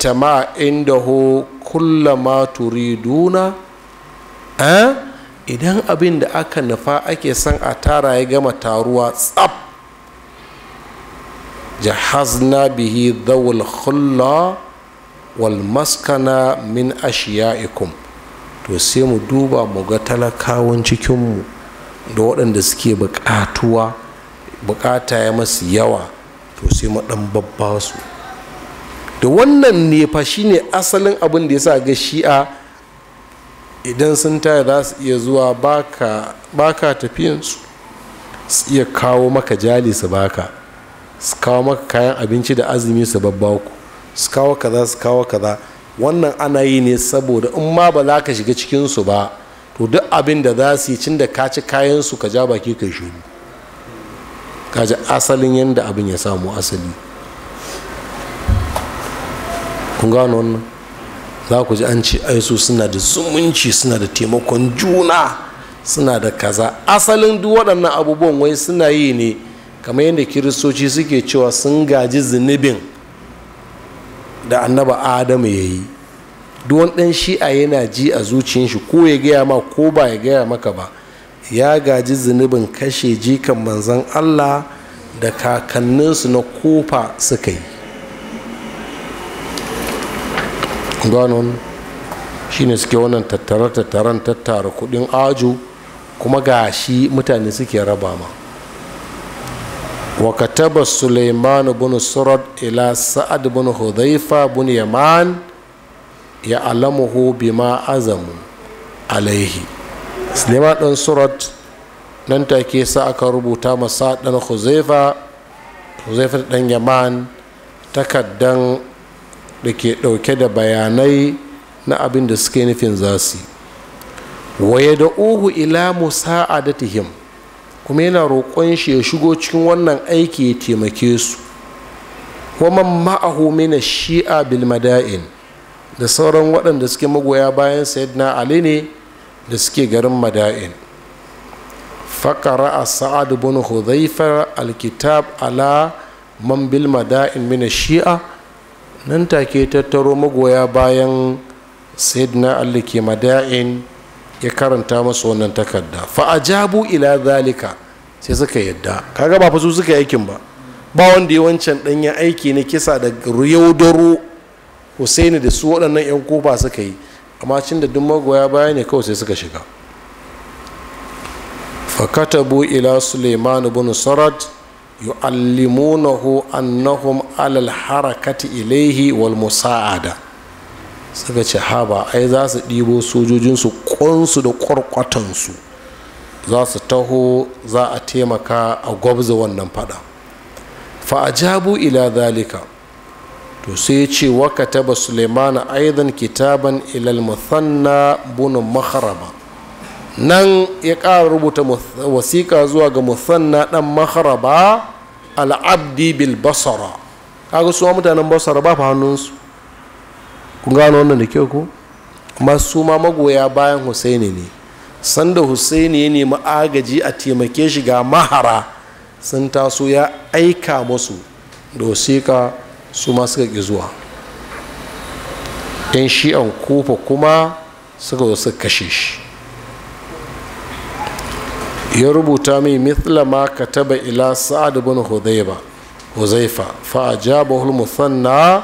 ta ma inda ho kullama turiduna a eh, idan abin da aka nufa ake son a tara ya gama taruwa tsab jahazna bihi dawul khulla wal maskana min ashiya'ikum to sai mu duba mu ga talakawan cikinmu da waɗanda suke buƙatuwa buƙata ya masu yawa to sai mu dan babba su da wannan ne fa shine asalin abin da yasa ga shi'a idan sun taya za su iya zuwa baka baka tafiyansu su iya kawo maka jali su baka su kawo maka kayan abinci da azumi su babba ku su kawo kaza su kawo kaza wannan ana yi ne saboda in ma ba za ka shiga cikinsu ba to duk abin da za su yi cin da ka ci kayansu ka ja baki kai shuru kaji asalin yadda abin ya samu asali kun gano wannan za ku ji an ce aisu suna da zumunci suna da taimakon juna suna da kaza asalin duk waɗannan abubuwan wai suna yi ne kamar yadda kiristoci suke cewa sun gaji zunubin da annaba adamu ya yi duk ɗan shi'a yana ji a zuciyar ko ya gaya ma ko ba ya gaya maka ba ya gaji zunubin kashe jikan manzan allah da kakanninsu na kofa suka yi ganon shine suke wannan tattare-tattaren tattara kudin aju, kuma ga shi mutane suke raba ma wa kataba suleiman bin surat ila sa'ad bin hudhaifa bin yaman ya alamuhu bima azamu alaihi suleiman ɗan surat nan take sa aka rubuta masa ɗan huzaifa huzaifa ɗan yaman takaddan da ke ɗauke da bayanai na abin da suke nufin zasi waye da uhu ila musa'adatihim kuma yana roƙon shi ya shigo cikin wannan aiki ya taimake su waman ma'ahu mina shi'a bilmada'in da sauran waɗanda suke magoya bayan sayyidina ali ne da suke garin mada'in faƙara a sa'ad bin huzaifar alkitab ala man bil mada'in mina shi'a nan take tattaro magoya bayan sayyidina ali ke mada'in ya karanta masu wannan takarda fa'ajabu ila zalika sai suka yadda kaga ba fa su suka aikin ba ba wanda yawancin ɗanyen aiki na kisa da yaudaro hussaini da su waɗannan 'yan kofa suka yi amma cin da duk magoya baya ne kawai sai suka shiga fakatabu ila suleiman ibn sarad yu'allimunahu annahum alal harakati ilaihi wal musa'ada suka ce haba ai za su ɗibo sojojinsu ƙunsu da ƙwarƙwatansu za su taho za a taimaka a gwabza wannan fada fa ajabu ila zalika to sai ya ce wa taba suleiman aidan kitaban ilal muthanna bunu maharaba nan ya ƙara rubuta wasiƙa zuwa ga muthanna ɗan maharaba al'abdi bil basara kaga suwa mutanen basara ba fa hannunsu kun gano wannan da kyau ko masu ma magoya bayan husaini ne sanda husaini ya nemi agaji a taimake shi ga mahara sun taso ya aika musu da wasiƙa su ma suka ƙi zuwa yan shi'an kofa kuma suka zo suka kashe shi ya rubuta mai mithla ma kataba ila sa'ad bin hudayba huzaifa fa ajabahu musanna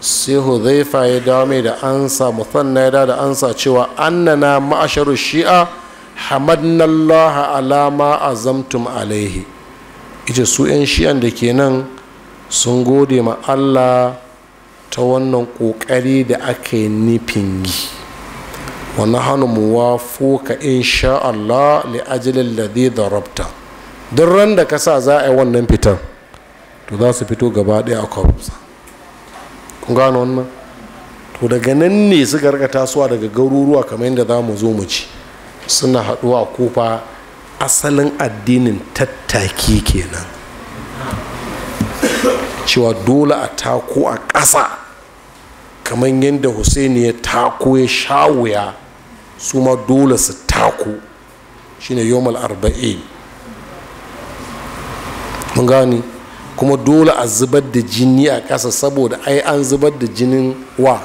sai huzaifa ya dawo da ansa musanna ya dawo da ansa cewa annana ma'asharu shi'a hamadnallaha alama azamtum alaihi ita su 'yan shi'an da ke nan sun gode ma allah ta wannan ƙoƙari da ake nufin yi wani hannu muwa foka insha allah li ajilin ladi da rabta duk ran da ka sa za a yi wannan fitan to za su fito gaba ɗaya a kwamfusa kun gano wannan to daga nan ne suka rika tasowa daga garuruwa kamar yadda za mu zo mu ci suna haɗuwa kofa asalin addinin tattaki kenan cewa dole a tako a ƙasa kamar yadda husaini ya tako ya sha wuya su ma dole su tako shine yomal arba'in mun gani kuma dole a zubar da jini a ƙasa saboda ai an zubar da jinin wa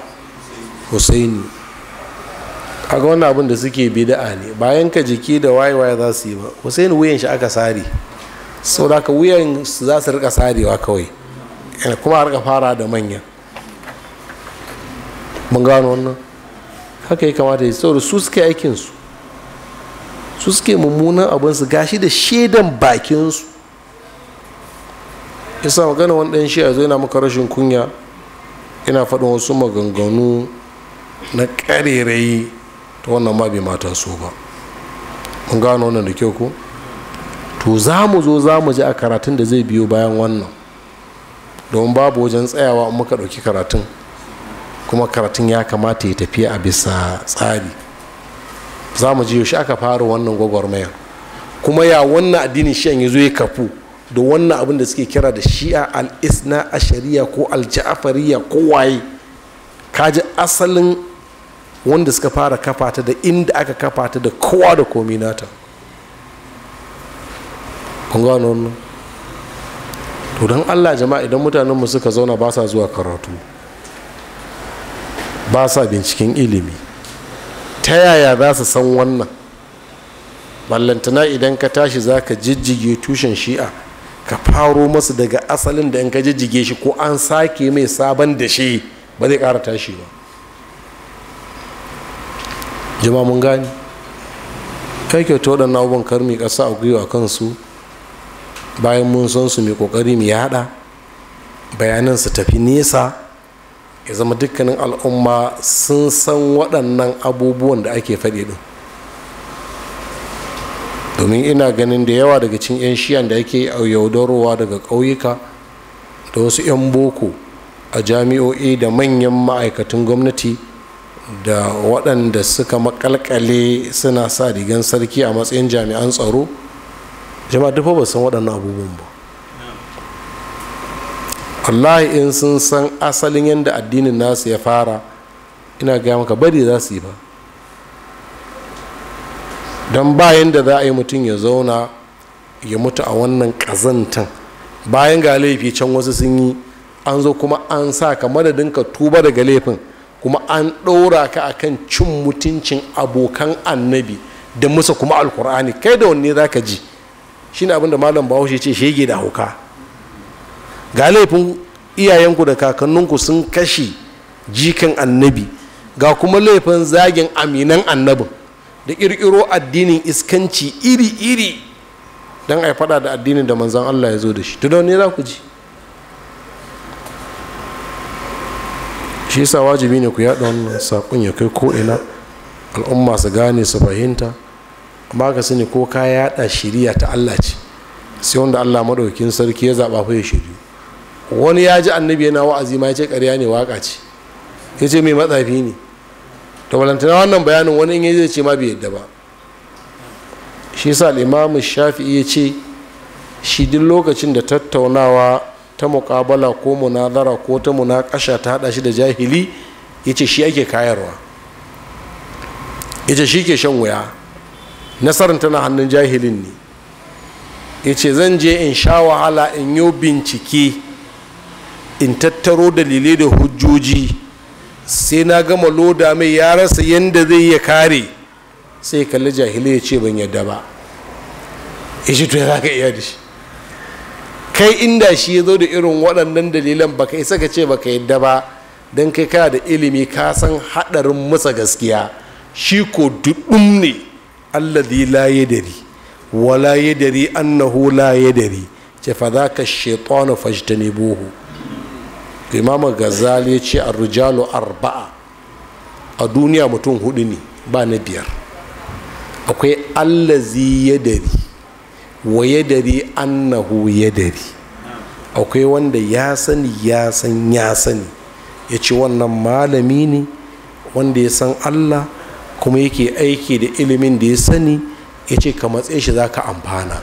husaini kaga wannan abin da suke bida'a ne bayan ka jiki da wayewaye za su yi ba husaini wuyan shi aka sare sau da ka wuyan za su rika sarewa kawai kuma ga fara da manya mun gano wannan haka ya kamata ya tsoro su suke aikinsu su suke mummunan abinsu gashi da shaidan bakinsu yasa magana wani ɗan shi a zo yana maka rashin kunya yana faɗin wasu maganganu na ƙarerayi ta wannan ma bai mata so ba mun gano wannan da kyau ko to za mu zo za mu ji a karatun da zai biyo bayan wannan domin babu wajen tsayawa in muka ɗauki karatun kuma karatun ya kamata ya tafiya a bisa tsari za mu ji yaushe aka fara wannan gwagwarmayar kuma ya wannan addinin shi'an ya zo ya kafu da wannan abin da suke kira da shi'a al-isna ashariya ko al-ja'afariya ko waye kaji asalin wanda suka fara kafa ta da inda aka kafa ta da kowa da komi nata kun gano to don allah jama'a idan mutanenmu suka zauna ba sa zuwa karatu ba sa binciken ilimi ta yaya za su san wannan ballantana idan ka tashi za ka jijjige tushen shi'a ka faro masu daga asalin da in ka jijjige shi ko an sake mai sabon da shi ba zai ƙara tashi ba jama'a mun gani kai kyauta waɗannan abubuwan karmi ƙasa a gwiwa kansu bayan mun san su mai kokari mu yada bayanan su tafi nesa ya zama dukkanin al'umma sun san waɗannan abubuwan da ake faɗi ɗin domin ina ganin da yawa daga cin 'yan shiyan da ake yaudarowa daga ƙauyuka da wasu 'yan boko a jami'o'i da manyan ma'aikatan gwamnati da waɗanda suka makalkale suna sa rigan sarki a matsayin jami'an tsaro jama'a duk ba san waɗannan abubuwan ba wallahi in sun san asalin yadda addinin nasu ya fara ina gaya maka bari za su yi ba don bayan da za a yi mutum ya zauna ya mutu a wannan ƙazantan bayan ga laifi can wasu sun yi an zo kuma an sa ka madadin ka tuba daga laifin kuma an ɗora ka akan cin mutuncin abokan annabi da musa kuma alkur'ani kai da wanne za ka ji shine abinda malam bahaushe ce shege da hauka ga laifin iyayenku da kakanninku sun kashe jikan annabi ga kuma laifin zagin aminan annabin da ƙirƙiro addinin iskanci iri-iri don a faɗa da addinin da manzan Allah ya zo da shi tunan ne za ku ji shi yasa wajibi ne ku yaɗa wannan saƙon ya kai ko'ina al'umma su gane su fahimta ba ka sani ko ka yada shiriya ta Allah ce sai wanda Allah madaukin sarki ya zaba fa ya shiri wani ya ji annabi yana wa'azi ma ya ce ƙarya ne waka ce ya ce mai matsafi ne da walantana wannan bayanin wani in zai ce ma bai yadda ba shi sa limamin shafi'i ya ce shi duk lokacin da tattaunawa ta muƙabala ko munazara ko ta munaƙasha ta haɗa shi da jahili ya ce shi ake kayarwa ya ce shi ke shan wuya nasarar tana hannun jahilin ne ya ce zan je in sha wahala in yi bincike in tattaro dalilai da hujjoji sai na gama loda mai ya rasa yadda zai ya kare sai kalli jahilai ya ce ban yadda ba ya ce to ya zaka iya da shi kai inda shi ya zo da irin waɗannan dalilan baka isa ka ce ka yadda ba don kai kana da ilimi ka san haɗarin masa gaskiya shi ko duɗum ne alladhi la yadri wa la yadri annahu la yadari ce fa zaka shaytanu fajtanibuhu imam ghazali ya ce ar-rijalu arba'a a duniya mutum hudu ne ba na biyar akwai allazi yadari wa yadari annahu yadari akwai wanda ya sani ya san ya sani ya ce wannan malami ne wanda ya san allah kuma yake aiki da ilimin da ya sani ya ce ka matse shi za ka amfana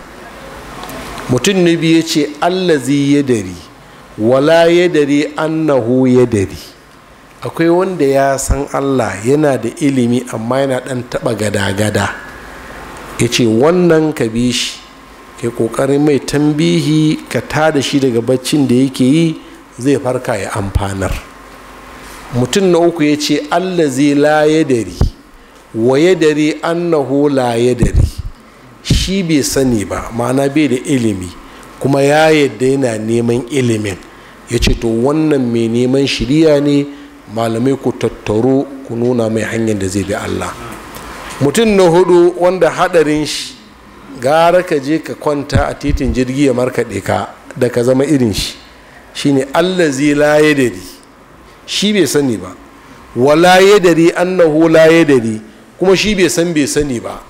mutum na biyu ya ce allazi ya dari wala ya dari annahu ya dari akwai wanda ya san allah yana da ilimi amma yana dan taba gada-gada ya ce wannan ka bi shi ke kokarin mai tambihi ka tada shi daga baccin da yake yi zai farka ya amfanar mutum na uku ya ce zai la ya dari waye dari annahu la ya dari shi bai sani ba ma'ana bai da ilimi kuma ya yadda yana neman ilimin ya ce to wannan mai neman shirya ne malamai ku tattaro ku nuna mai hanyar da zai bi allah mutum na hudu wanda hadarin shi gara ka je ka kwanta a titin jirgi ya markaɗe ka da ka zama irin shi shine allah zai laye dari shi bai sani ba wa an na annahu ya dari. kuma shi bai san bai sani ba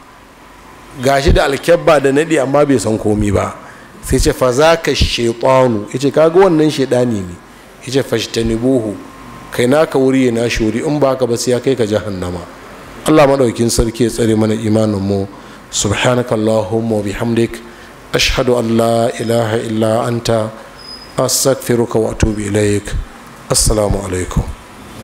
gashi da alkyabba da naɗi amma bai san komi ba sai ce fa za ka shaitanu ya ce kaga wannan shaidani ne ya ce fashtanibuhu kai naka wuri ya nashi wuri in ba ka ba sai ya kai ka jahannama allah maɗaukin sarki ya tsare mana imanin mu subhanaka allahumma bihamdik ashhadu an la ilaha illa anta astaghfiruka wa atubu ilaik assalamu alaikum